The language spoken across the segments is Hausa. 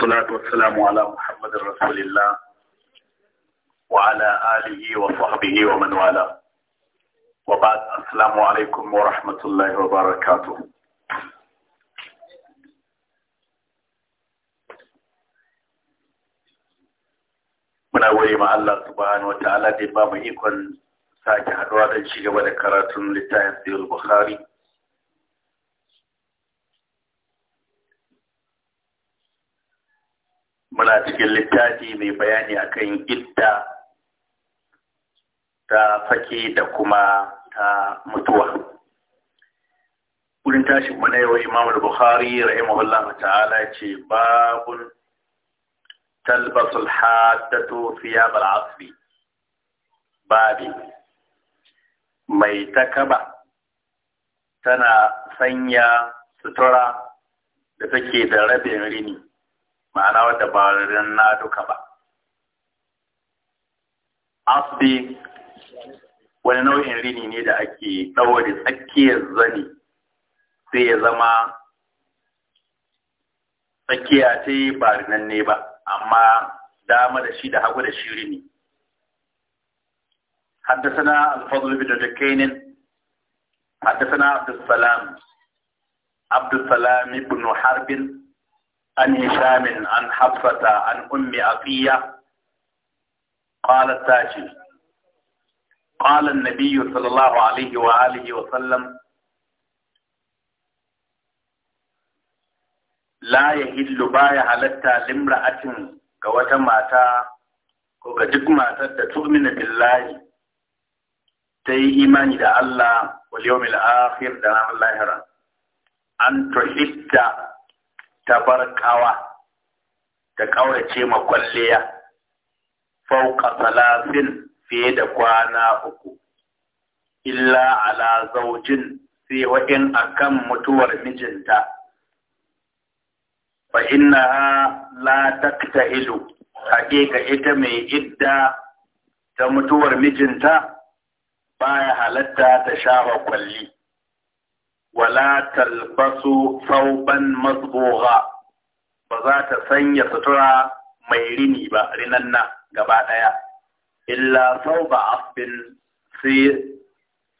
والصلاة والسلام على محمد رسول الله وعلى آله وصحبه ومن والاه وبعد السلام عليكم ورحمة الله وبركاته من أولي ما الله سبحانه وتعالى دي بابه يكون ساكي هدوان الشيء ولكراتون لتاهم البخاري muna cikin littafi mai bayani akan idda ta fake da kuma ta mutuwa wurin tashi mu yau imam al-bukhari rahimahullah ta'ala ce babun talbasul الحادة ثياب العصر babi mai takaba tana sanya sutura da take da rabin rini ma'ana wadda ba na duka ba asbi wani nau'in rini ne da ake ɗaure tsakiyar zani sai ya zama tsakiya ce ba ne ba amma dama da shi da hagu da shi rini حدثنا الفضل بن da حدثنا عبد السلام عبد السلام بن حرب عن هشام عن حفصة عن أم أقية قال التاجي قال النبي صلى الله عليه وآله وسلم لا يهل بايا هلتا لامرأة كوتا ماتا كوكا ماتا تؤمن بالله تي إيماني دا الله واليوم الآخر دا نعم الله أن تحب Ta tabarkawa da ƙaurace ma kwalliya fauka salafin fiye da kwana uku illa ala zaujin sai wa'in kan mutuwar mijinta fa innaha la haƙe haƙiƙa ita mai idda ta mutuwar mijinta baya halatta ta sha kwalli wala talbasu sauban masbugha ba za ta sanya sutura mai rini ba rinanna gaba ɗaya illa sau ba asbin sai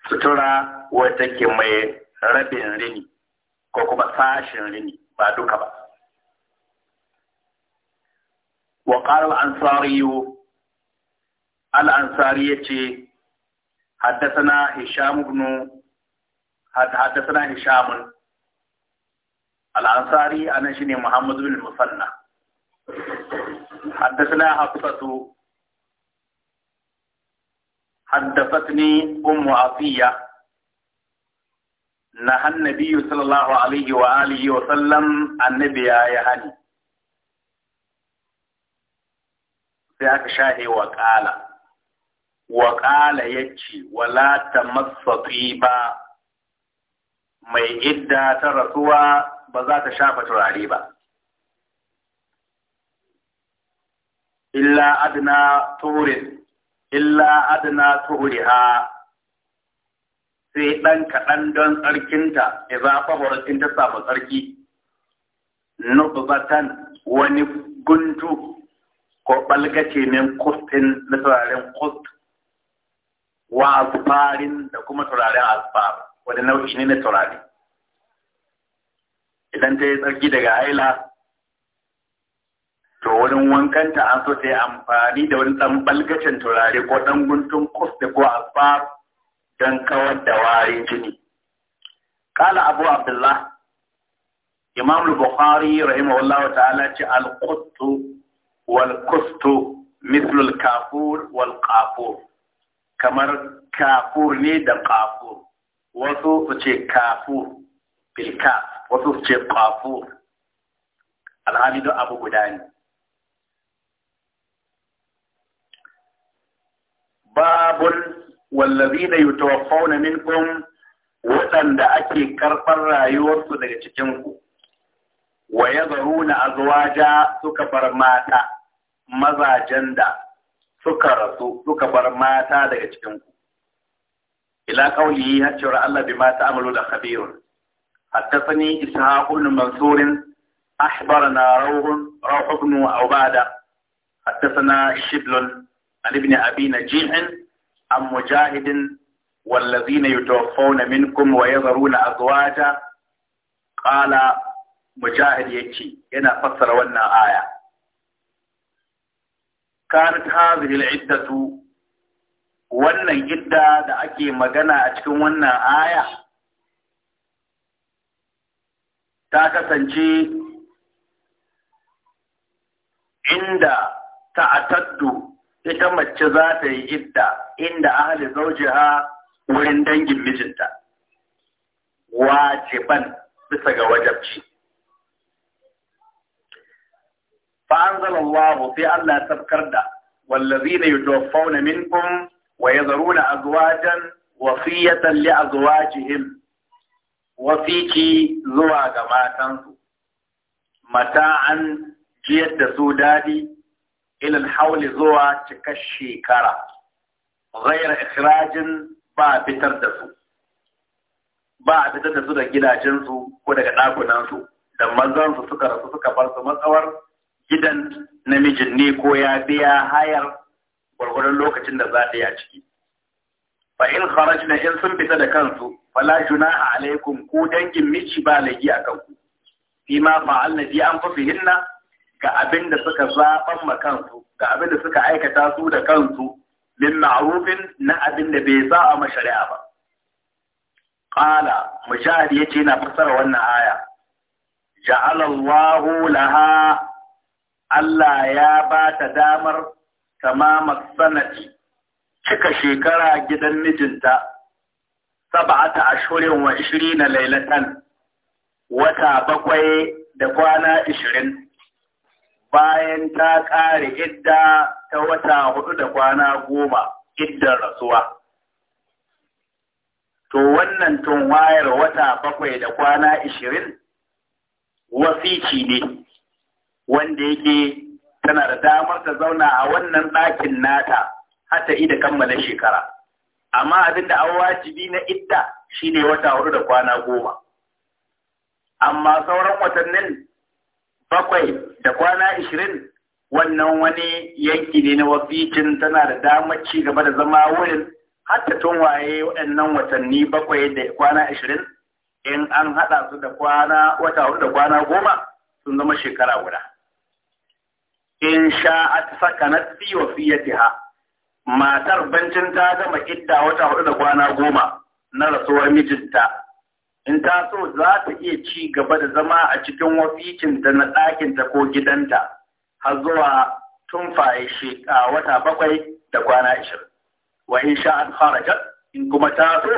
sutura wata ke mai rabin rini ko kuma sashin rini ba duka ba wa qala al-ansari al-ansari yace حدثنا هشام بن حدثنا هشام الأنصاري أنا شني محمد بن المثنى حدثنا حفصة حدثتني أم عطية نهى النبي صلى الله عليه وآله وسلم عن نبي يا هني سياك شاهي وقال وقال يجي ولا تمس طيبا mai idda ta rasuwa ba za ta shafa turare ba illa adna turin illa adna ha. sai ɗan kaɗan don tsarkinta ya za fahorar ta samu tsarki nubatan wani guntu ko ɓalgace min kustin na turaren kust wa asfarin da kuma turaren asfar wani nau'i ne na taurari idan ta yi tsarki daga haila to wurin wankanta an so ta yi amfani da wani ɗan balgacin turare ko ɗan guntun kus da ko abba don kawar da warin jini kala abu abdullah imam bukhari rahimahullahu ta'ala ce al-quttu wal kustu mislul kafur wal kafur kamar kafur ne da kafur wasu su ce kafu bilka wasu su ce kafu alhali abu guda ne babul wallazina yutawaffawna kun, waɗanda ake karɓar rayuwarsu daga cikinku wa na azuwaja suka bar mata mazajen da suka rasu suka bar mata daga cikinku ila qawlihi har cewa Allah bima ta'malu da khabirun حدثني إسحاق بن منصور أحبرنا روح روح بن عبادة حدثنا شبل عن ابن أبي نجيح عن مجاهد والذين يتوفون منكم ويذرون أزواجا قال مجاهد يكي هنا فسر ونا آية كانت هذه العدة wannan idda da ake magana a cikin wannan aya ta kasance inda ta'ataddu ita mace za ta yi idda inda ahli zaujiha wurin dangin mijinta wajiban bisa ga wajabci fa anzalallahu sai Allah ya tafkar da wallazina yutawaffawna minkum wa yazaruna azwajan wasiyatan li azwajihim wasiki zuwa ga matansu Mata an jiyar da su dadi Ilin hauli zuwa cikar shekara ghayra ikhrajin ba fitar da su ba a fitar da su da gidajensu ko daga ɗakunansu da mazansu suka rasu suka bar su matsawar gidan namijin ne ko ya biya hayar gwargwadon lokacin da za ta yi a ciki fa in kharajna in sun fita da kansu fala a alaikum ko dangin miji ba laifi kan ku fi ma an fi anfusihinna ga abin da suka zaban ma kansu ga abin da suka aikata su da kansu min ma'rufin na abin da bai za a shari'a ba qala mujahid yace na fassara wannan aya Ja'alallahu laha Allah ya ba ta damar tamama sanati cika shekara gidan mijinta saba'ata ashirin wa ishirina lailatan wata bakwai da kwana ishirin bayan ta ƙare idda ta wata hudu da kwana goma iddar rasuwa to wannan tun wayar wata bakwai da kwana ishirin wasici ne wanda yake tana da damar ta zauna a wannan ɗakin nata har ta ida kammala shekara amma abin da an wajibi na idda shine wata hudu da kwana goma amma sauran watannin bakwai da kwana ishirin wannan wani yanki ne na wasicin tana da damar ci gaba da zama wurin har ta waye waɗannan watanni bakwai da kwana ashirin in an haɗa su da kwana wata hudu da kwana goma sun zama shekara guda in sha'at sakanat fi wasiyatiha matar bancin ta gama idda wata hudu da kwana goma na rasuwar mijinta in ta so za ta iya ci gaba da zama a cikin wasicin da na ɗakinta ko gidanta har zuwa tun faye shi a wata bakwai da kwana ashirin wa in sha'at kharajat in kuma ta so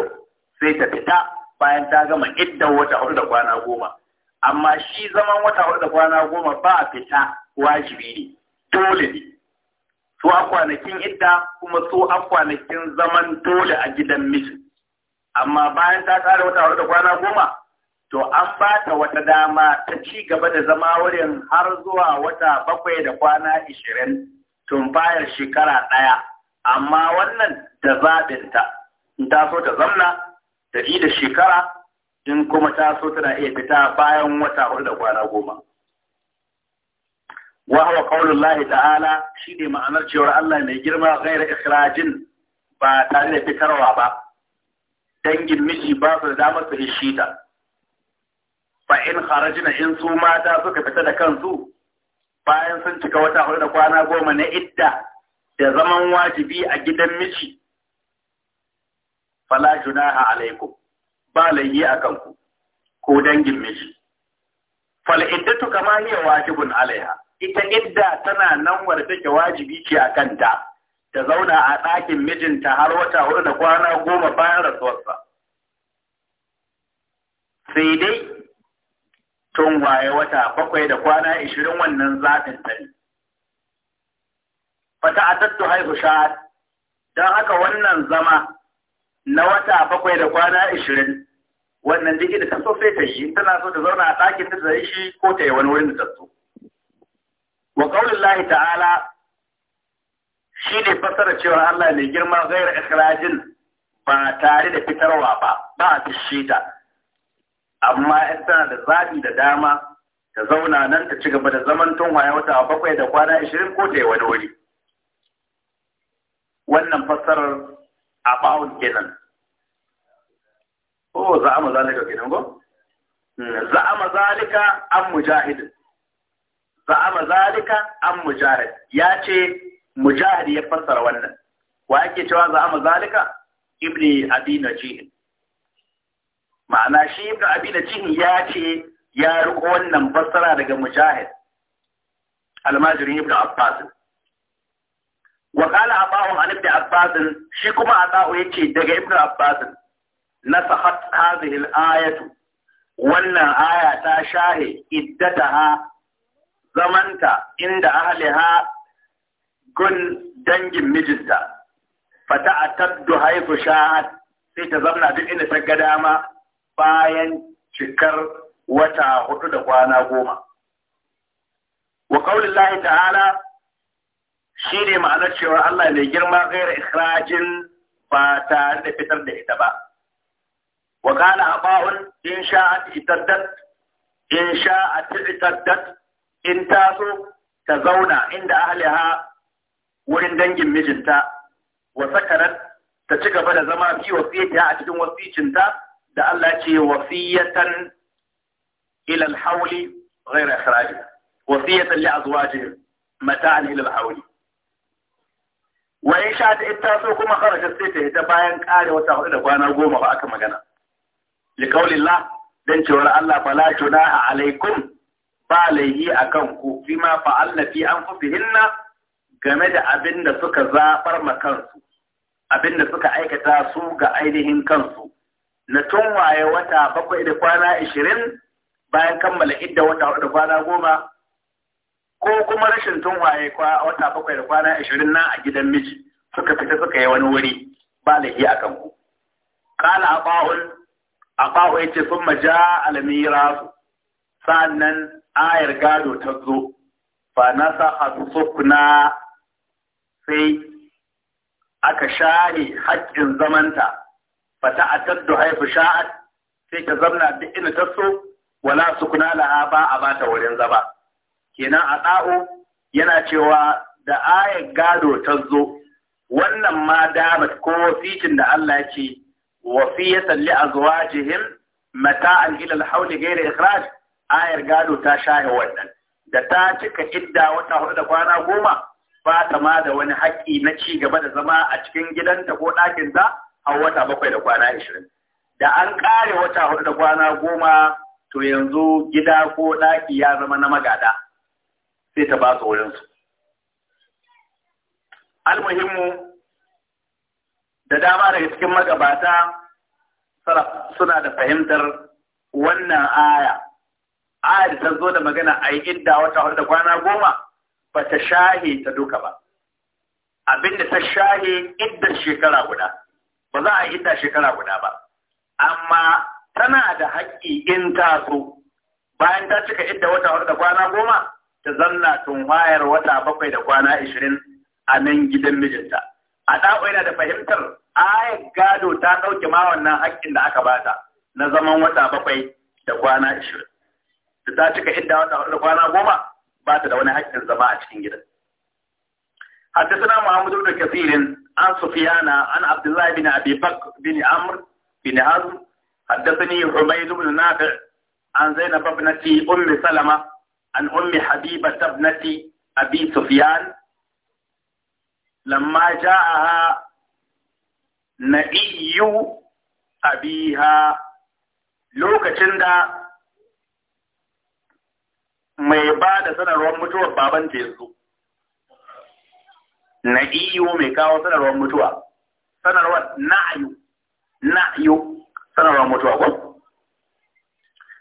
sai ta fita bayan ta gama idda wata hudu da kwana goma amma shi zaman wata hudu da kwana goma ba fita wajibi ne dole ne su a kwanakin idda kuma su a kwanakin zaman dole a gidan miji amma bayan ta tsara wata da kwana goma to an ba ta wata dama ta ci gaba da zama wurin har zuwa wata bakwai da kwana ishirin tun bayar shekara ɗaya amma wannan da zaɓinta in ta so ta zamna ta da shekara in kuma ta so tana iya fita bayan wata hudu da kwana goma. wa huwa qaulullahi ta'ala shine ma'anar cewar Allah mai girma ghairu ikirajin ba tare da fitarwa ba dangin miji ba su da damar su rishi ta Ba in kharajna in su mata suka fita da kansu bayan sun cika wata hudu da kwana goma na idda da zaman wajibi a gidan miji fala junaha alaikum ba layyi a kanku ko dangin miji fal iddatu kama hiya wajibun alaiha ita idda tana nan wadda take wajibi ce a kanta ta zauna a ɗakin mijinta har wata hudu da kwana goma bayan rasuwarsa sai dai tun waye wata bakwai da kwana ishirin wannan zaɓin ta fata a tattu haihu sha'ad don haka wannan zama na wata bakwai da kwana ishirin wannan jikin da ta so sai ta yi tana so ta zauna a ɗakin ta da shi ko ta yi wani wurin da ta so wa qaulullahi ta'ala shine fasar cewa Allah mai girma gairar ikhrajin ba tare da fitarwa ba ba a fishe ta amma in tana da zaɓi da dama ta zauna nan ta ci gaba da zaman tun waya wata bakwai da kwana ashirin ko ta yi wani wuri wannan fassarar a ɓawon kenan oh za'ama zalika kenan ko hmm, za'ama zalika an mujahidin za'ama zalika an mujahid ya ce mujahid ya fassara wannan wa yake cewa za'ama zalika ibni abi najih ma'ana shi ibni abi najih ya ce ya riko wannan fassara daga mujahid almajirin ibn abbas wa qala abahu an ibn abbas shi kuma atahu yace daga ibn abbas nasahat hadhihi al-ayatu wannan aya ta shahe iddataha zamanta inda ahliha gun dangin mijinta fata a taddu haifu sha'ad sai ta zamna duk inda ta ga dama bayan cikar wata hudu da kwana goma. Wa kaulillahi ta'ala shi ne ma'anar cewa Allah mai girma gaira ikhrajin ba tare da fitar da ita ba. Wa kana aba'un in sha'at itaddat in sha'at itaddat in ta so ta zauna inda ahliha wurin dangin mijinta wa sakarat ta ci gaba da zama fi wasiyata a cikin wasicinta da Allah ce wasiyatan ila al-hawli غير إخراج ita لأزواجهم متاعا إلى الحول وإن شاءت التاسو كما خرج السيتة تباين قال وتأخذ وانا قوم فأك مغنى لقول الله دنش ولا Allah فلا جناح alaikum. falaihi a kan ku fi ma fa'alla fi an fi hinna game da abin da suka zaɓar ma kansu abin da suka aikata su ga ainihin kansu na tun waye wata bakwai da kwana ishirin bayan kammala idda wata da kwana goma ko kuma rashin tun waye wata bakwai da kwana ishirin na a gidan miji suka fita suka yi wani wuri ba laifi a kanku kala aba'un ya yace sun maja almirasu sannan ayar gado ta zo fa na saha sukna sai aka share haƙƙin zamanta fa ta ataddu haifu sha'ad sai ta zamna duk ina ta so wala sukuna laha ba a ba ta wurin zaba. kenan a ɗa'o yana cewa da ayar gado ta zo wannan ma damat ko wasitin da Allah ce a zuwa azwajihim mata'an ila al-hawl ghayra ikhraj ayar gado ta shahe wannan da ta cika idda wata hudu da kwana goma ba ta ma da wani haƙƙi na ci gaba da zama a cikin gidanta ko ɗakinta a wata bakwai da kwana ashirin da an ƙare wata hudu da kwana goma to yanzu gida ko ɗaki ya zama na magada sai ta ba su wurinsu almuhimmu da dama daga cikin magabata suna da fahimtar wannan aya ayar ta zo da magana a yi idda wata hudu da kwana goma ba ta shahi ta duka ba abinda ta shahi idda shekara guda ba za a yi idda shekara guda ba amma tana da haƙƙi in ta so bayan ta cika idda wata hudu da kwana goma ta zanna tun wayar wata bakwai da kwana ashirin a nan gidan mijinta a ɗaɓo yana da fahimtar ayar gado ta ɗauke ma wannan haƙƙin da aka bata na zaman wata bakwai da kwana ashirin da ta cika inda wata hudu kwana goma ba ta da wani haƙƙin zama a cikin gidan حدثنا محمد بن كثير عن سفيان عن عبد الله بن ابي بكر بن عمرو بن هزم حدثني حميد بن نافع عن زينب ابنة ام سلمه عن ام حبيبه ابنه ابي سفيان لما جاءها نبي أبيها لوكتن دا mai ba da sanarwar mutuwar baban ta na iyo mai kawo sanarwar mutuwa sanarwar na'ayu na'ayu sanarwar mutuwa ko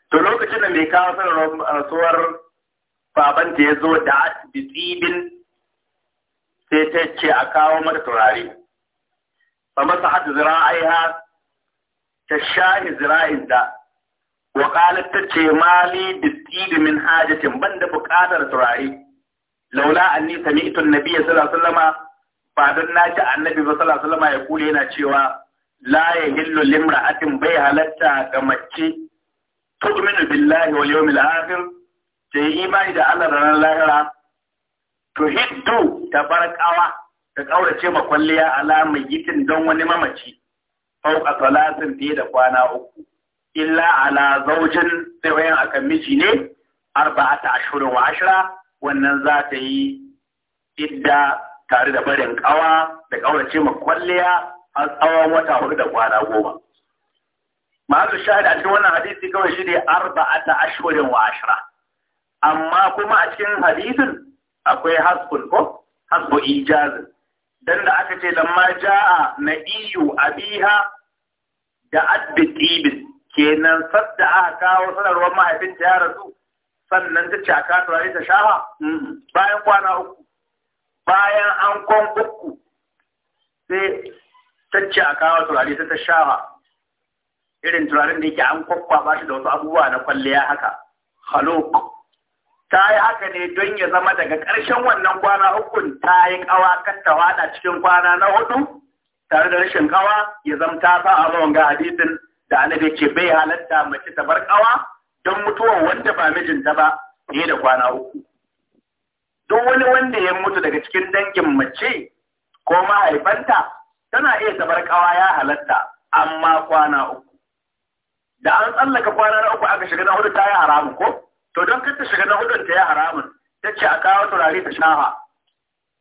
to lokacin da mai kawo sanarwar rasuwar baban ta da bitibin sai ta ce a kawo mata turare Ba masa hadu ha, ta shahi zira'in da wa qalat tace mali bitili min hajatin banda buƙatar turare laula anni sami'tu an-nabiy sallallahu alaihi wasallama ba dan naji annabi sallallahu alaihi wasallama ya kula yana cewa la yahillu limra'atin bai halatta ga mace tu'minu billahi wal yawmil akhir ta yi imani da Allah da ranar lahira to hiddu ta barkawa ta kaurace ma kwalliya ala mai yitin don wani mamaci fauka salatin fiye da kwana uku illa ala zaujin sai a akan miji ne ta ashirin wa ashira, wannan za ta yi idda tare da barin kawa da kaurace ma kwalliya a tsawon wata hudu da kwana goma masu shahada a cikin wannan hadisi kawai shi ne ta ashirin wa ashira, amma kuma a cikin hadisin akwai hasbun ko hasbu ijazin dan da aka ce lamma ja'a na iyu abiha da adbi kenan sadda aka kawo sanarwar mahaifinta ya rasu sannan ta a kasuwa ta shaha bayan kwana uku bayan an kwan uku sai ta kawo turare ta shaha irin turaren da yake an ba shi da wasu abubuwa na kwalliya haka halok ta yi haka ne don ya zama daga ƙarshen wannan kwana ukun ta yi kawa kan ta cikin kwana na hudu tare da rashin kawa ya zama ta sa a ga hadisin da annabi ce bai halatta mace ta bar kawa don mutuwa wanda ba mijinta ba fiye da kwana uku duk wani wanda ya mutu daga cikin dangin mace ko mahaifanta tana iya bar kawa ya halatta amma kwana uku da an tsallaka kwana na uku aka shiga na hudu ta yi haramun ko to don kanta shiga na hudun ta yi haramun ta ce a kawo turare ta shaha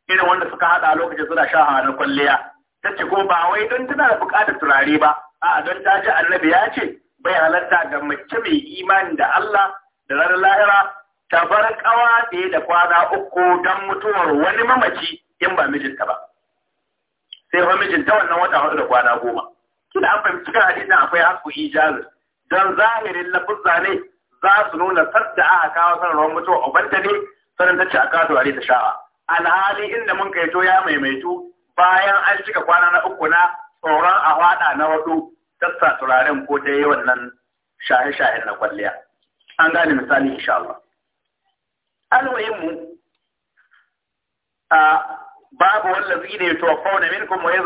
irin wanda suka haɗa lokacin suna shaha na kwalliya ta ce ko ba wai don tana da buƙatar turare ba a don ta ji annabi ya ce bai halarta ga mace mai imani da Allah da ranar lahira ta bar kawa ɗaya da kwana uku don mutuwar wani mamaci in ba mijinta ba sai fa mijinta wannan wata hudu da kwana goma kina an fahimci kan hadisin akwai haku ijazu don zahirin lafi zane za su nuna sadda aka kawo sanarwar mutuwa ubanta ne sanin ta ce a kawo turare ta sha'a alhali inda mun kai to ya maimaitu bayan an cika kwana na uku na tsoron a hwada na hudu tassa turaren ko ta yi wannan shahe-shahen na kwalliya an gane misali insha Allah alwayinmu a babu zai ne to fauna minkum wa Wai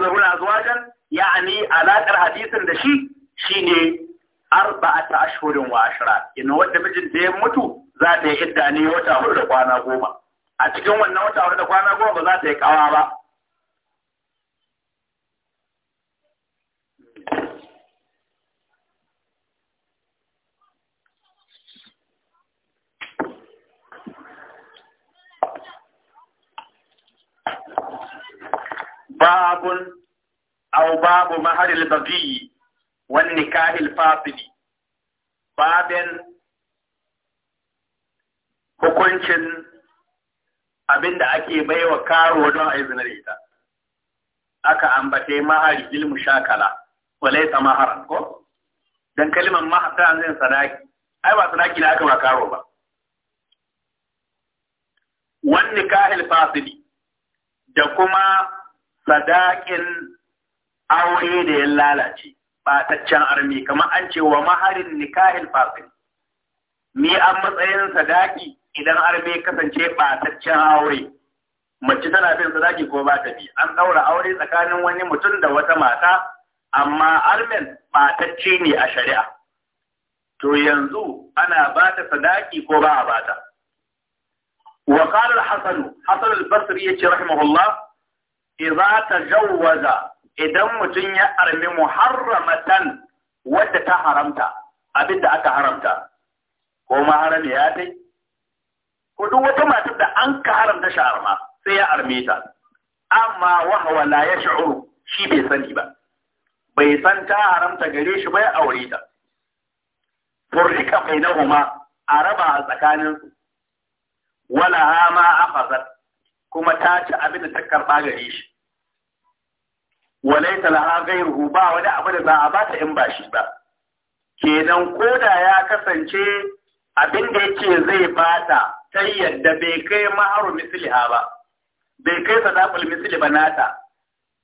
zauna a yazruna Ya yani alaƙar hadisin da shi shi ne shine ta ashirin wa ashira. Ina wanda mijin da ya mutu za ta yi idda ne wata hudu da kwana goma a cikin wannan wata wadda kwana goma ba za ta yi kawa ba babun au babu maharil babi wani kahil fasidi babin hukuncin abin da ake baiwa karo don a yi zinar ita aka ambace mahari ilmu shakala walai ta ko dan kalimar mahar ta zai sadaki ai ba sadaki da aka ba karo ba wan nikahil fasili da kuma sadakin aure da ya lalace bataccen armi kamar an ce wa maharin nikahil fasili ni an matsayin sadaki idan arme kasance ɓataccen aure mace tana bin sadaki ko ba ta bi an ɗaura aure tsakanin wani mutum da wata mata amma armen ɓatacce ne a shari'a to yanzu ana ba ta sadaki ko ba a ba ta wa qala al-hasan hasan al-basri yace rahimahullah idza tajawwaza idan mutum ya armi muharramatan wadda ta haramta abinda aka haramta ko maharami ya dai ko wata matar da an ka haramta shi arma sai ya arme ta amma wahawa la ya shi bai sani ba bai san ta haramta gare shi bai aure ta furrika bainahuma a raba a tsakanin su wala ha ma akhazat kuma ta ci abin da ta karba gare shi walaita laha ghayruhu ba wani abu da za a bata in ba shi ba kenan koda ya kasance abin da yake zai bata ta yadda bai kai maharu misliha ba bai kai sadaqul misli ba nata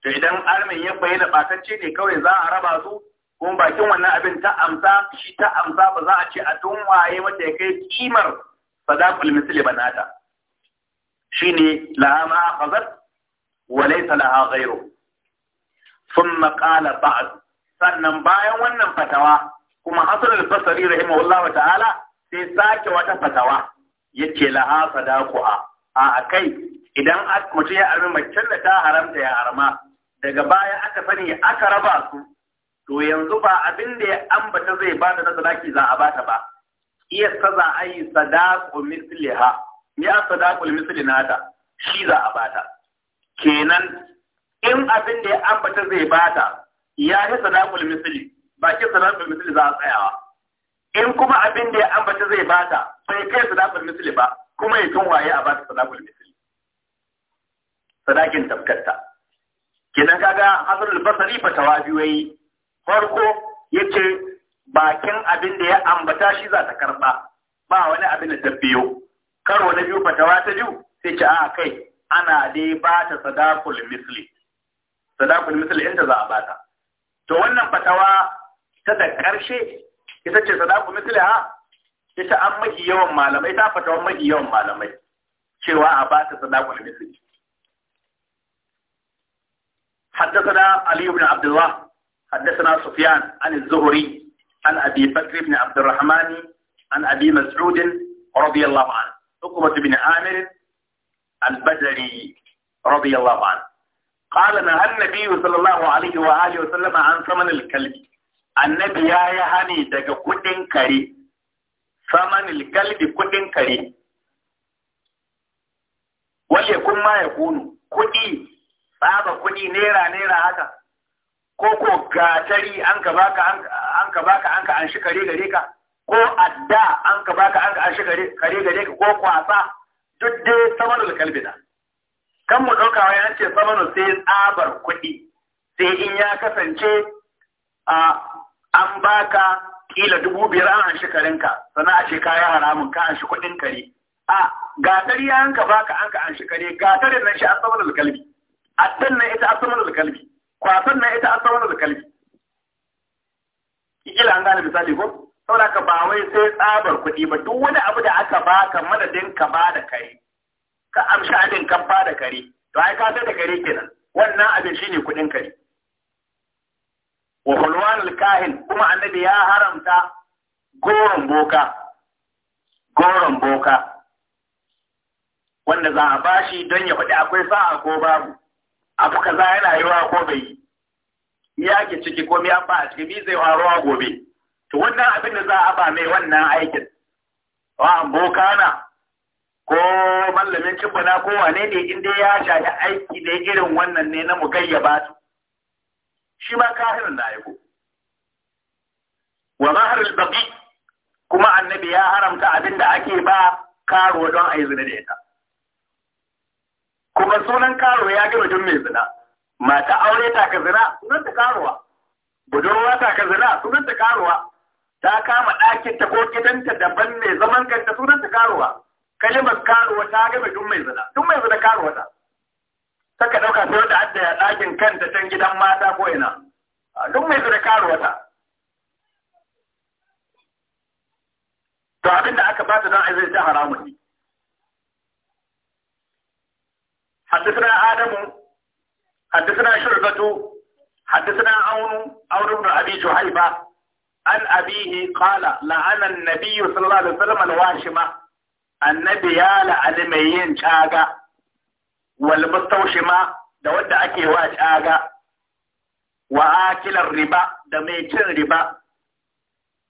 to idan armin ya bayyana batacce ne kawai za a raba su kuma bakin wannan abin ta amsa shi ta amsa ba za a ce a tun waye wanda ya kai kimar sadaqul misli ba nata shine laha ma akhazat wa laysa laha ghayru Sun qala ba'd sannan bayan wannan fatawa kuma hasan al-basri rahimahullahu ta'ala sai sake wata fatawa Ya ce laha sadaquha a akai idan mutum ya armi macen da ta haramta ya harma, daga baya aka sani aka raba su to yanzu ba abin da ya ambata zai bada na sadaki za a bata ba iya sa za a yi sadaqu misliha ya sadaqul misli nata shi za a bata kenan in abin da ya ambata zai bata ya yi sadaqul misli ba ki sadaqul misli za a tsayawa in kuma abin da ya ambata zai bata sai kai sadaqul misali ba kuma ya waye a bata sadaqul misali sadakin tafkarta kenan kaga hasan basri fa tawabi farko yace bakin abin da ya ambata shi za ta karba ba wani abin da tabbiyo karo na biyu fatawa ta biyu sai ce a kai ana dai ba ta sadakul misli sadakul misli inda za a bata to wannan fatawa ta da karshe ita ce sadaku ita an yawan malamai ita fata yawan malamai cewa a ba ta sadaku misli حدثنا علي بن عبد الله حدثنا سفيان عن الزهري عن أبي بكر بن عبد الرحمن عن أبي مسعود رضي الله عنه حكمة بن عامر البدري رضي الله عنه قال نهى النبي صلى الله عليه وآله وسلم عن ثمن الكلب annabi ya yi hani daga kuɗin kare saman galbi kuɗin kare wace kun ma ya kunu kuɗi tsaba kuɗi nera-nera haka ko ko gatari an ka baka an ka an ka an shi kare gare ka ko adda an ka baka an ka an shi kare gare ka ko kwasa duk dai saman galbi na kan mu ɗauka wai ce samanu sai tsabar kuɗi sai in ya kasance a an baka kila dubu biyar an hanshi karinka sannan a ce kayan haramun ka hanshi kuɗin kare a gatar ya hanka baka an ka hanshi kare gatar nan shi an saman alkalbi addan na ita an saman alkalbi kwasan na ita an saman alkalbi kila an gane misali ko saboda ka ba wai sai tsabar kuɗi ba duk wani abu da aka baka madadin ka ba da kare ka amshi abin ka ba da kare to ai ka sai da kare kenan wannan abin shine kuɗin kare wa hulwan kahin kuma annabi ya haramta goron boka goron boka wanda za a bashi don ya faɗi akwai sa'a ko babu abu kaza yana yiwa ko bai yi ya ke ciki ko ya ba a ciki zai faruwa gobe to wannan abin da za a ba mai wannan aikin wa boka na ko mallamin cibbana ko wane ne in dai ya shafi aiki da irin wannan ne na mugayyaba su shi ma kahirin na aiko wa maharul baqi kuma annabi ya haramta abin da ake ba karo don a yi zina da ita kuma sunan karo ya gina don mai zina mata aure ta ka zina sunan ta karuwa budurwa ta ka zina sunan ta karuwa ta kama ɗakin ta ko gidanta daban mai zaman kanta sunan ta karuwa kalimar karuwa ta gaba duk mai zina duk mai zina karuwa ta saka ɗauka sai wanda adda ya kanta can gidan mata ko ina duk mai zira karuwata to abinda aka ba ta don a ta haramun ne حدثنا آدم حدثنا شعبة حدثنا عون عون بن أبي جهيبة عن أبيه قال لعن النبي صلى الله عليه وسلم الواشمة النبي يا لعلمين شاقة wal ma da wanda ake wa tsaga wa akilar riba da mai cin riba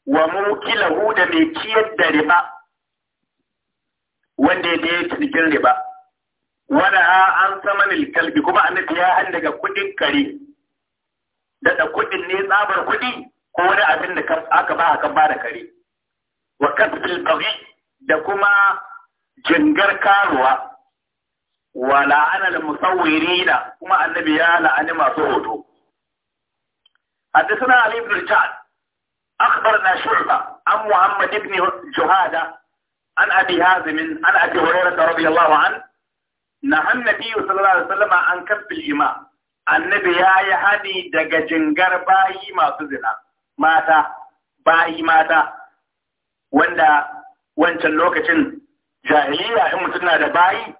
wa mukilahu da mai ciyar da riba wanda ya yi cinikin riba wada an sama saman kalbi kuma annabi ya an daga kudin kare da kudin ne tsabar kudi ko wani abin da aka ba aka ba da kare wa kasbil da kuma jingar karuwa wa la'ana al-musawwirina kuma annabi ya la'ani masu hoto حدثنا علي بن الجعد أخبرنا شعبة عن محمد بن جهادة عن أبي هازم عن أبي هريرة رضي الله عنه نهى النبي صلى الله عليه وسلم عن كف الإماء النبي يا يهدي دق جنجر باي ما تزنا مات باي مات وندا wancan lokacin jahiliya in mutum na da bayi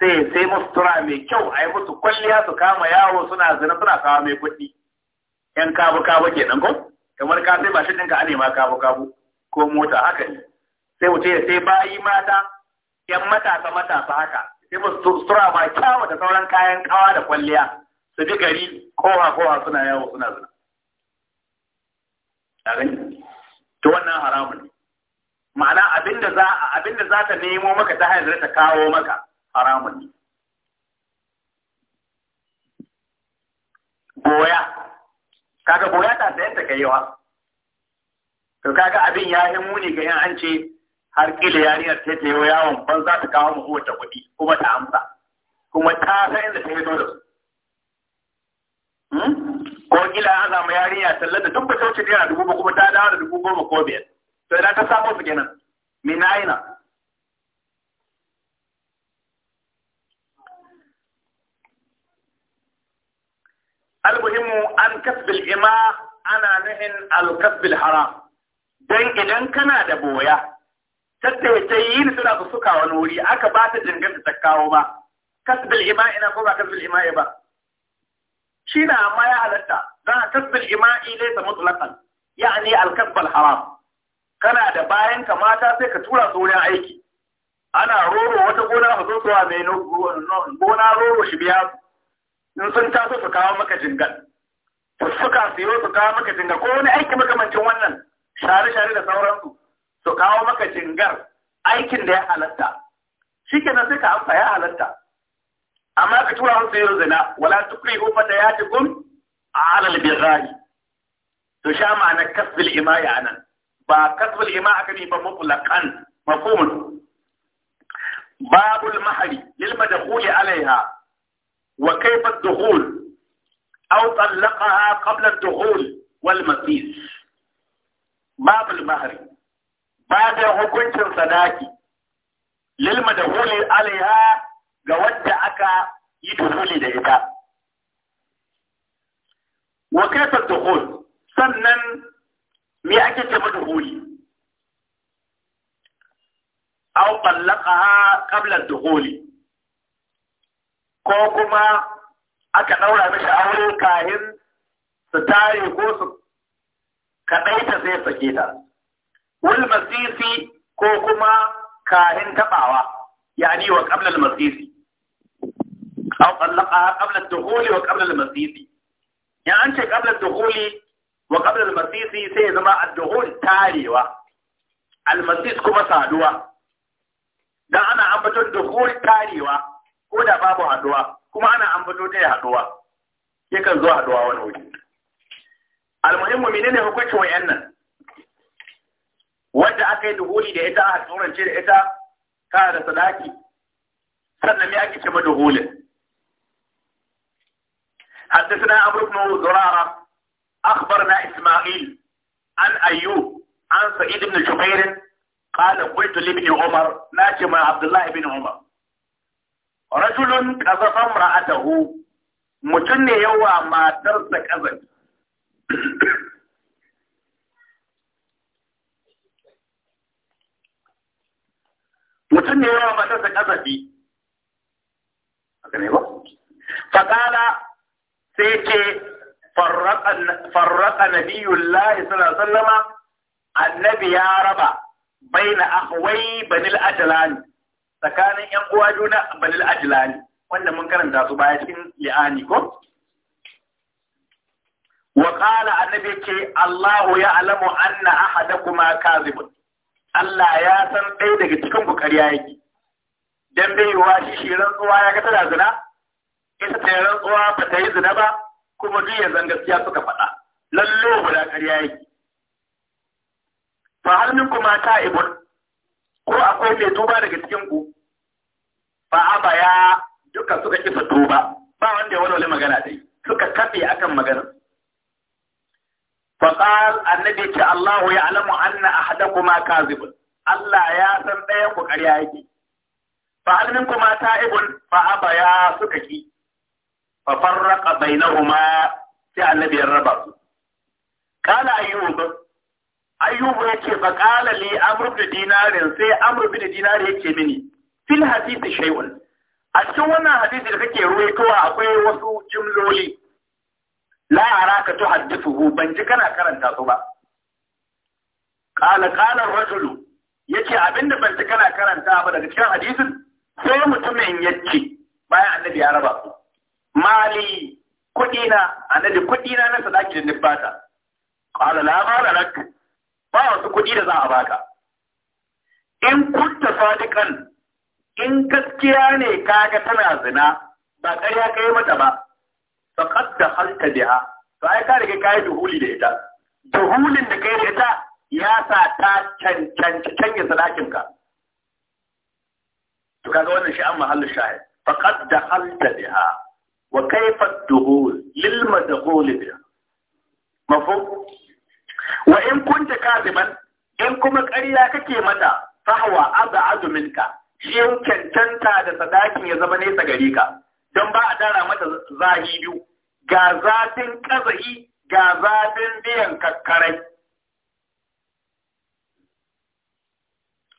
sai sai musu tura mai kyau a yi musu kwalliya su kama yawo suna zina suna kawo mai kuɗi yan kabu kabu ke nan ko kamar ka sai ba shi ɗinka ane ma kabu kabu ko mota haka ne sai wuce ya sai bayi mata yan matasa matasa haka sai musu tura ma kyawu da sauran kayan kawa da kwalliya su bi gari kowa kowa suna yawo suna zina. To wannan haramun ne. ma'ana abinda za abinda za ta nemo maka ta hanyar ta kawo maka haramun ne goya kaga goya ta sayar da kai yawa to kaga abin ya yi muni ga yan an ce har kila yariyar ta tayo yawon ban za ta kawo mu ta kuɗi kuma ta amsa kuma ta san inda ta yi da su hmm? ko kila an zama yarinya tallar da duk ba ta dubu ba kuma ta dawo da dubu goma ko biyar to idan ta samu su kenan me na almuhimmu an kasbil ima ana nahin alkasbil haram dan idan kana da boya tatta ta yi ni suna fusuka wani wuri aka ba ta jingar ba kasbil ima'i na ko ba kasbil ima'i ba shi na amma ya halatta za a kasbil ima'i ne ta mutlaqan yani alkasbal haram kana da bayan ka mata sai ka tura su aiki ana roro wata gona ka zo su wa mai gona roro shi biya su in sun taso su kawo maka jingal suka siyo su kawo maka jingal ko wani aiki makamancin wannan share-share da sauransu su kawo maka jingar aikin da ya halatta shi kenan sai ka amfa ya halatta amma ka tura musu yi zina wala tukri ko fata ya tukun a alal birrani to sha ma'ana kasbil imaya nan, ba kasbil ima aka ne ba mutlakan mafhumun babul mahari lil madkhuli alaiha وكيف الدخول أو طلقها قبل الدخول والمقيس باب المهر بعد حكم صداقي للمدخول عليها ga wadda aka yi dukuli da ita. Wa kaifar dukhul sannan me ake ce ma dukuli? Aw ballaqaha qabla dukhuli ko kuma aka ɗaura mishi aure kahin su tare ko su kaɗaita sai sake ta. Wal masisi ko kuma kahin taɓawa, yani wa ƙablal masisi. Au tsallaka ƙablal duhuli wa ƙablal masisi. Ya an ce ƙablal duhuli wa ƙablal masisi sai ya zama adduhul tarewa. Almasis kuma saduwa. Dan ana ambaton duhul tarewa ko da babu haduwa kuma ana ambato da haduwa yakan zo haduwa wani wuri almuhimmu menene hukuncin nan wanda aka yi duhuli da ita a ce da ita ta da sadaki sannan me ake ce ma duhulin حدثنا عمرو بن زرارة أخبرنا إسماعيل عن أيوب عن سعيد بن جبير قال قلت لابن عمر ناجم عبد الله بن عمر رجل قذف امرأته متن يوى ما ترس قذف متن يوى ما ترس قذف فقال سيكي فرق فرق نبي الله صلى الله عليه وسلم النبي يا رب بين أخوي بني الأجلان tsakanin ‘yan uwa juna balil ajilani wanda mun karanta su baya cikin li'ani ko? Wa ƙala annabi ce Allahu ya alamu anna ahada kuma kazibun. Allah ya san ɗaya daga cikin ku ƙarya yake. Dan bai yiwa shi shi rantsuwa ya ga tana zina, ita ta yi rantsuwa ba ta yi zina ba, kuma duk yanzu gaskiya suka faɗa. Lallo guda ƙarya yake. Fa hal minkum kuma ta'ibun ko akwai mai tuba daga cikin ku a ba ya duka suka kifa tuba ba wanda ya walwale magana dai suka kafe akan magana fa qal annabi ce Allah ya alamu anna ahadakuma kazib Allah ya san ɗayan ku ƙarya yake fa hal minkum ta'ibun fa aba ya suka ki fa farraqa bainahuma sai annabi ya raba su kana ayyub ayyubu ya yake faqala li amr dinarin sai amr bin dinar yake mini fil hadithi shay'un a cikin wannan hadisi da kake ruwaitowa akwai wasu jumloli la araka tuhaddithu ban ji kana karanta su ba qala qala rajulu rajul abinda ban ji kana karanta ba daga cikin hadisin sai mutumin yace bayan annabi ya raba su mali kudina annabi Kuɗina na sadaki da nifata qala la mala lak ba wasu kuɗi da za a baka in kunta sadiqan in gaskiya ne kaga tana zina ba ƙarya ka yi mata ba Ba faqad halta biya, to ai ka riga kai duhuli da ita duhulin da kai da ita ya sa ta cancanci canyin sadakin ka to kaga wannan shi an mahallu shahid faqad halta biya, wa kayfa ad-duhul da holi biya. mafhum wa in kunta kadiban in kuma ƙarya kake mata fahwa ab'adu minka shi cancanta da sadakin ya zama nesa gare ka don ba a dara mata zahi biyu ga zafin kazai ga zafin biyan kakkarai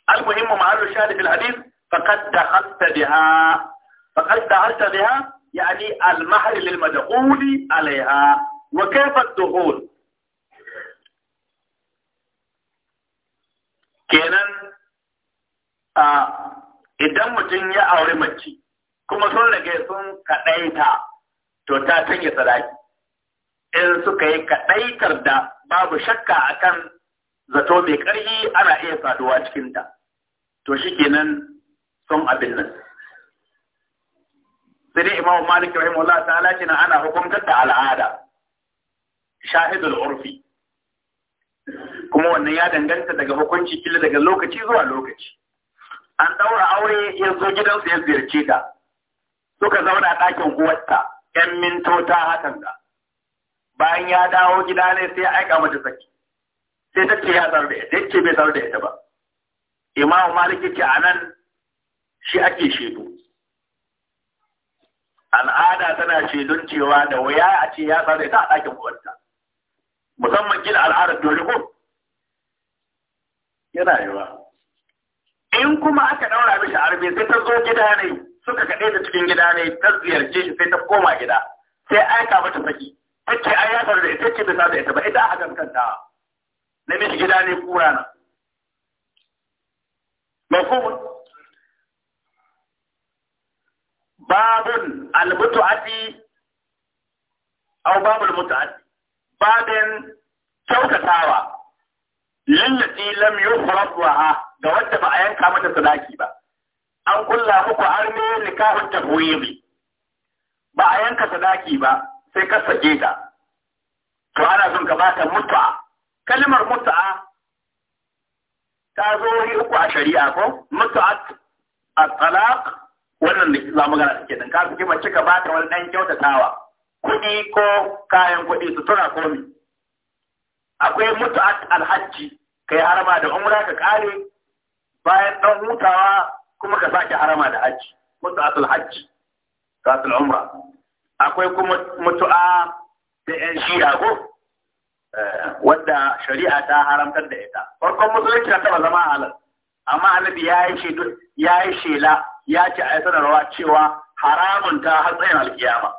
المهم محل الشاهد في الحديث فقد دخلت بها فقد دخلت بها يعني المهر للمدخول عليها وكيف الدخول kenan a idan mutum ya auri mace kuma sun rage sun kaɗaita to ta sanya sadaki in suka yi kaɗaitar da babu shakka akan zato mai ƙarfi ana iya saduwa cikinta to shi kenan sun abin nan sai dai imamu malik rahimahullah ta kina ana hukuntar da al'ada shahidul urfi kuma wannan ya danganta daga hukunci kila daga lokaci zuwa lokaci an ɗaura aure ya zo gidansa ya ziyarce ta suka zauna ɗakin uwarta ‘yan mintota hakan da bayan ya dawo gida ne sai ya aika mata saki sai ta ce ya zaru da ita yake bai tsar da ita ba imamu maliki ce a nan shi ake shedu al'ada tana shedun cewa da wuya a ce ya zaru da ita a ɗakin uwarta musamman gina al'adar dole ko yana rayuwa in kuma aka daura mishi arbe sai ta zo gida ne suka kaɗe ta cikin gida ne ta ziyarce shi sai ta koma gida sai aika mata saki take ai ya da ita ce bisa da ita ba ita aka kanta na mishi gida ne kura na mafhumun babun almutu'ati aw babul mutu'ati babin kyautatawa lillati lam yufrad laha ga wanda ba a yanka mata sadaki ba an kulla muku ne nikahun tafwidi ba a yanka sadaki ba sai ka sake ta to ana son ka bata mutu'a kalmar mutu'a ta zo wuri uku a shari'a ko mutu'at at-talaq wannan da za mu gana take dan ka saki mace ka bata wani dan kyautatawa kuɗi ko kayan kuɗi sutura ko mi akwai mutu'at alhajji. kai harama da umra ka kare bayan ɗan hutawa kuma ka sake harama da hajji asul hajji asul umra akwai kuma mutu'a da yan shi'a ko eh, Wanda shari'a ta haramtar da ita farkon musulunci na taba zama halal amma annabi ya yi shela ya ce a sanarwa cewa haramun ta har tsayin alkiyama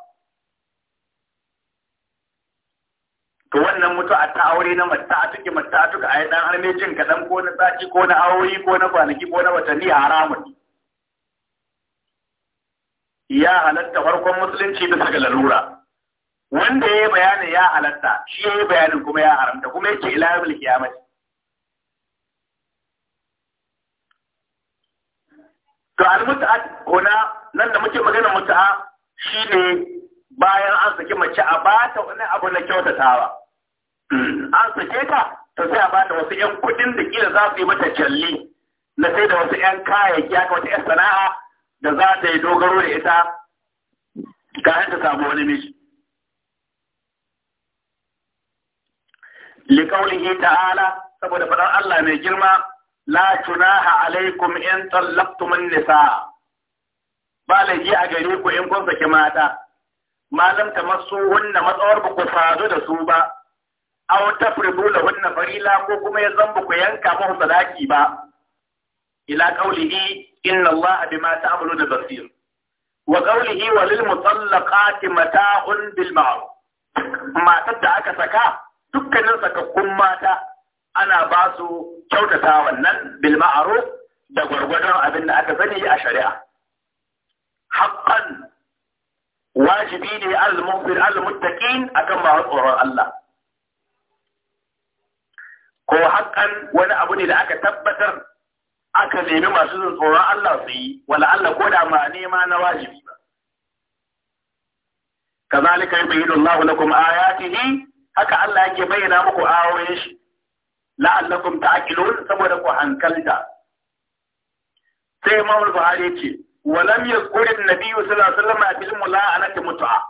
to wannan mutu'a ta aure na mata a tuki mata a tuka ai dan harme jin kadan ko na sati ko na awoyi ko na kwanaki ko na watanni a haramun ya halatta farkon musulunci bisa ga lalura wanda ya yi bayanin ya halatta shi ya yi bayanin kuma ya haramta kuma yake ila yawmil qiyamah to al mut'a kuna nan da muke magana mut'a shine bayan an saki mace a bata wani abu na kyautatawa an sake ka ta sai a ba da wasu 'yan kuɗin da kila za su yi mata kyalli na sai da wasu 'yan kayayyaki haka wata 'yan sana'a da za ta yi dogaro da ita ga ta samu wani miji. Likaulihi ta'ala saboda faɗar Allah mai girma la tunaha alaikum in tallaqtumun nisa ba laifi a gari ku in kun saki mata malam ta masu wanda matsawar ba ku sadu da su ba aw tafridu lahunna farila ko kuma ya zamba ku yanka muhu sadaki ba ila qawlihi inna allaha bima ta'maluna basir wa qawlihi wa lil mutallaqati mata'un bil ma'ruf matar da aka saka dukkanin sakakkun mata ana ba su kyautata wannan bil ma'ruf da gwargwadon abin da aka sani a shari'a haqqan wajibi ne al-mu'min al-muttaqin akan ba tsoron Allah ko haƙƙan wani abu ne da aka tabbatar aka nemi masu jin tsoron Allah su yi wala Allah ko da ma nema na wajibi ba kazalika yubayyinu Allahu lakum ayatihi haka Allah yake bayyana muku ayoyin shi la'allakum ta'qilun saboda ku hankalta sai Imam Buhari ce walam yazkurin nabiyyu sallallahu alaihi wasallam bil mula'anati mut'a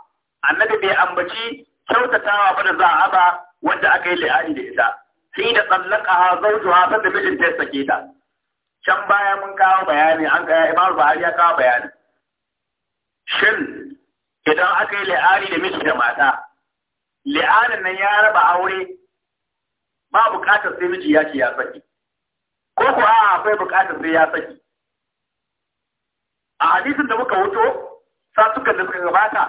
annabi bai ambaci kyautatawa ba da za a ba wanda aka yi la'ani da ita sai da tsallaka ha zaujuha sanda mijinta ya sake ta can baya mun kawo bayani an kaya imamu buhari ya kawo bayani shin idan aka yi li'ani da miji da mata li'anin nan ya raba aure ba bukatar sai miji ya ce ya saki ko ku a akwai bukatar sai ya saki a hadisin da muka wuto satukan da suka gabata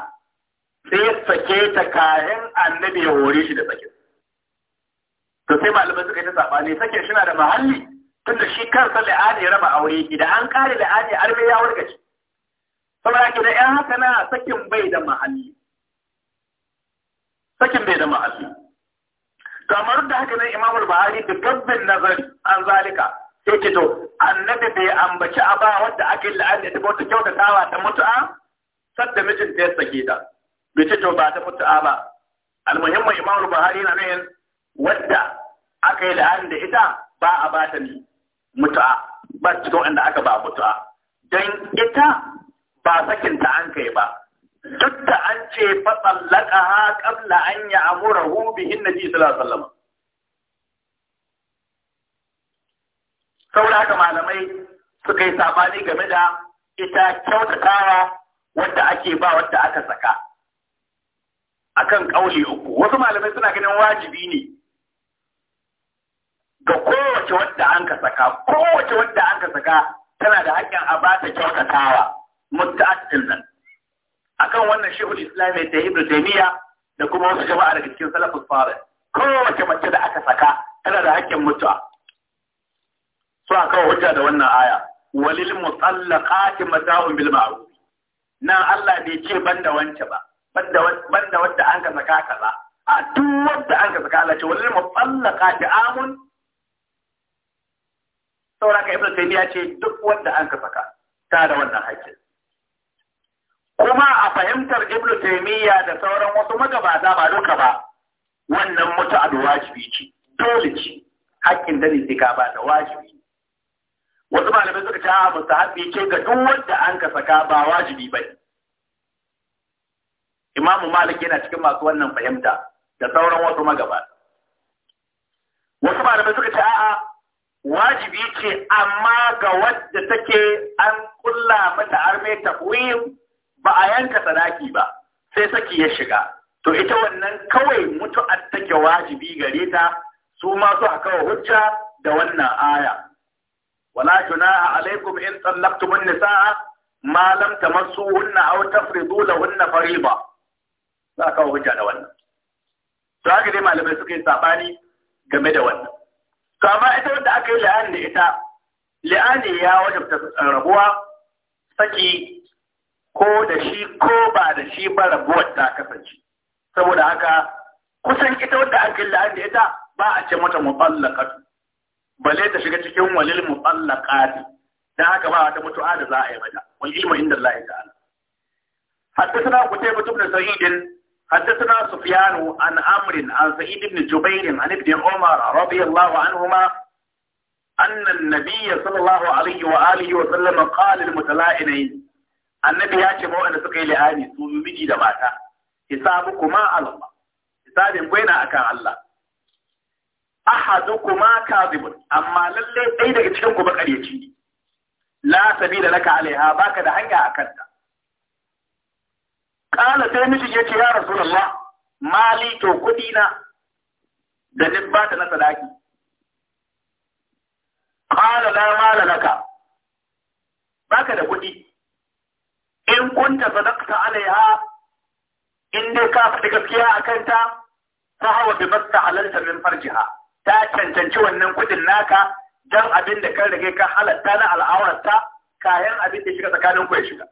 sai ya sake ta kayan annabi ya hore shi da sakin to sai malamai suka yi ta sabani sakin shi na da mahalli da shi kansa la'ani ya raba aure idan an kare la'ani arme ya shi. saboda haka da ƴan haka na sakin bai da mahalli sakin bai da mahalli to amma da haka nan Imam bahari da gabbin nazari an zalika sai ke to annabi bai ambaci a ba wanda ake la'ani da wata kyautatawa ta mutu'a sadda mijinta ya sake ta bai ce to ba ta mutu'a ba almuhimmin Imam bahari na nan wadda aka yi la'arin da ita ba a ba ta mutu'a ba cikin wanda aka ba mutu'a don ita ba sakin ta an kai ba duk da an ce fa tsallaka ha qabla an yi amura bihin ji sallallahu saboda haka malamai suka yi sabani game da ita kyautatawa wadda ake ba wadda aka saka akan kauli uku wasu malamai suna ganin wajibi ne ga kowace wadda an ka saka kowace wadda an ka saka tana da haƙƙin a ba ta kyautatawa mutta'addin nan akan wannan shehul islam ta ibnu taymiya da kuma wasu jama'a daga cikin salafus salih kowace mace da aka saka tana da haƙƙin mutuwa so a kawo hujja da wannan aya walil musallaqati mata'un bil ma'ruf Na Allah bai ce banda wance ba banda banda wanda an ka saka kaza a duk wanda an ka saka Allah ce walil musallaqati amun saboda ka ibnu taymiya ce duk wanda an ka saka ta da wannan haƙƙin kuma a fahimtar ibnu taymiya da sauran wasu magabata ba duka ba wannan mutu wajibi ce dole ce haƙƙin da ne ka ba da wajibi wasu malamai suka ce a mustahabbi ce ga duk wanda an ka saka ba wajibi ba imamu malik yana cikin masu wannan fahimta da sauran wasu magabata wasu malamai suka ce a'a wajibi ce amma ga wadda take an kulla mata arme tafwim ba a yanka sadaki ba sai saki ya shiga to ita wannan kawai mutu'ar take wajibi gare ta su ma su aka hujja da wannan aya wala junaha alaikum in an nisaa ma lam tamassuhunna aw tafridu lahunna fariba za ka hujja da wannan to haka dai malamai suka yi sabani game da wannan to amma ita wanda aka yi la'ani da ita la'ani ya wajabta rabuwa saki ko da shi ko ba da shi ba rabuwar ta kasance saboda haka kusan ita wanda aka yi la'ani da ita ba a ce mata mutallaqatu balle ta shiga cikin walil mutallaqati dan haka ba wata mutu'a da za a yi mata wal ilmu inda Allah ta'ala yi mutum da sahihin حدثنا سفيان عن عمرو عن سعيد بن جبير عن ابن عمر رضي الله عنهما أن النبي صلى الله عليه وآله وسلم قال للمتلائمين النبي يا شباب أنا سقي لآني سوي مجي دماتا حسابكما الله حساب وين أكا الله أحدكما كاذب أما للي أي دقيقة تشنكو بقريتي لا سبيل لك عليها باك دهنيا أكدت Ƙala sai miji ya ce ya Rasulullah mali to kuɗi na da nin ba na sadaki. Ƙala la mala laka baka da kuɗi in kun kunta sadaqta alaiha in dai ka faɗi gaskiya a kanta ta hawa bi masta halarta min farjiha ta cancanci wannan kuɗin naka don abin da kan rage ka halarta na al'awarta kayan abin da shiga tsakanin ku ya shiga.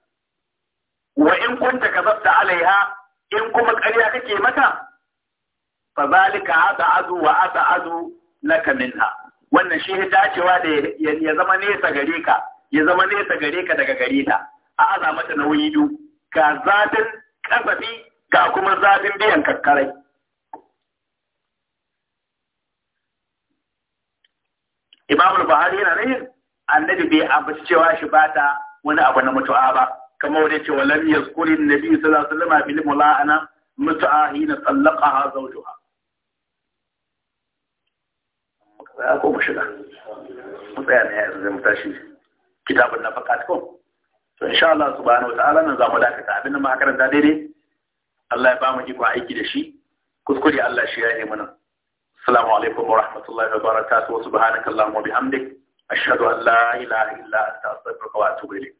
wa in kunta kazabta alaiha in kuma ƙarya kake mata fa zalika adu wa hada abadu laka minha wannan shi dacewa da ya zama nesa gare ka ya zama nesa gare ka daga gare ta a aza mata nauyi du ga zatin kasafi ga kuma zatin biyan kakkarai Imam Buhari yana nan annabi bai ambaci cewa shi bata wani abu na mutu'a ba كما ورد في ولم يذكر النبي صلى الله عليه وسلم في الملاعنه متى حين طلقها زوجها اكو مشكله متان هذا متشي كتاب النفقاتكم فان شاء الله سبحانه وتعالى نظام ذلك تعبنا ما كان دادي الله يبارك فيك وايكي دشي كسكري الله شي يعني منا السلام عليكم ورحمة الله وبركاته وسبحانك اللهم وبحمدك أشهد أن لا إله إلا أنت أستغفرك وأتوب إليك